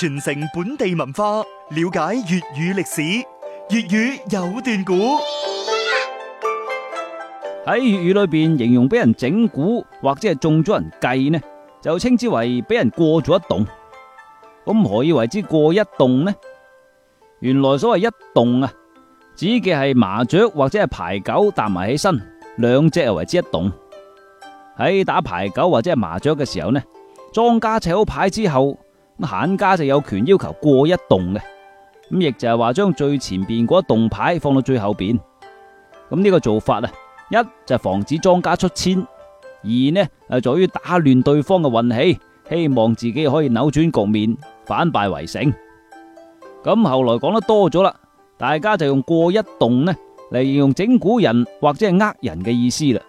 傳承本地文化，了解粵語歷史。粵語有段古喺粵語裏邊，形容俾人整蠱或者係中咗人計呢，就稱之為俾人過咗一戙。咁何以為之過一戙呢？原來所謂一戙啊，指嘅係麻雀或者係牌九，搭埋起身，兩隻又為之一戙。喺打牌九或者係麻雀嘅時候呢，莊家砌好牌之後。閒家就有權要求過一戙嘅，咁亦就係話將最前邊嗰一戙牌放到最後邊。咁呢個做法啊，一就係、是、防止莊家出千，二呢係在於打亂對方嘅運氣，希望自己可以扭轉局面，反敗為勝。咁後來講得多咗啦，大家就用過一戙呢嚟形容整蠱人或者係呃人嘅意思啦。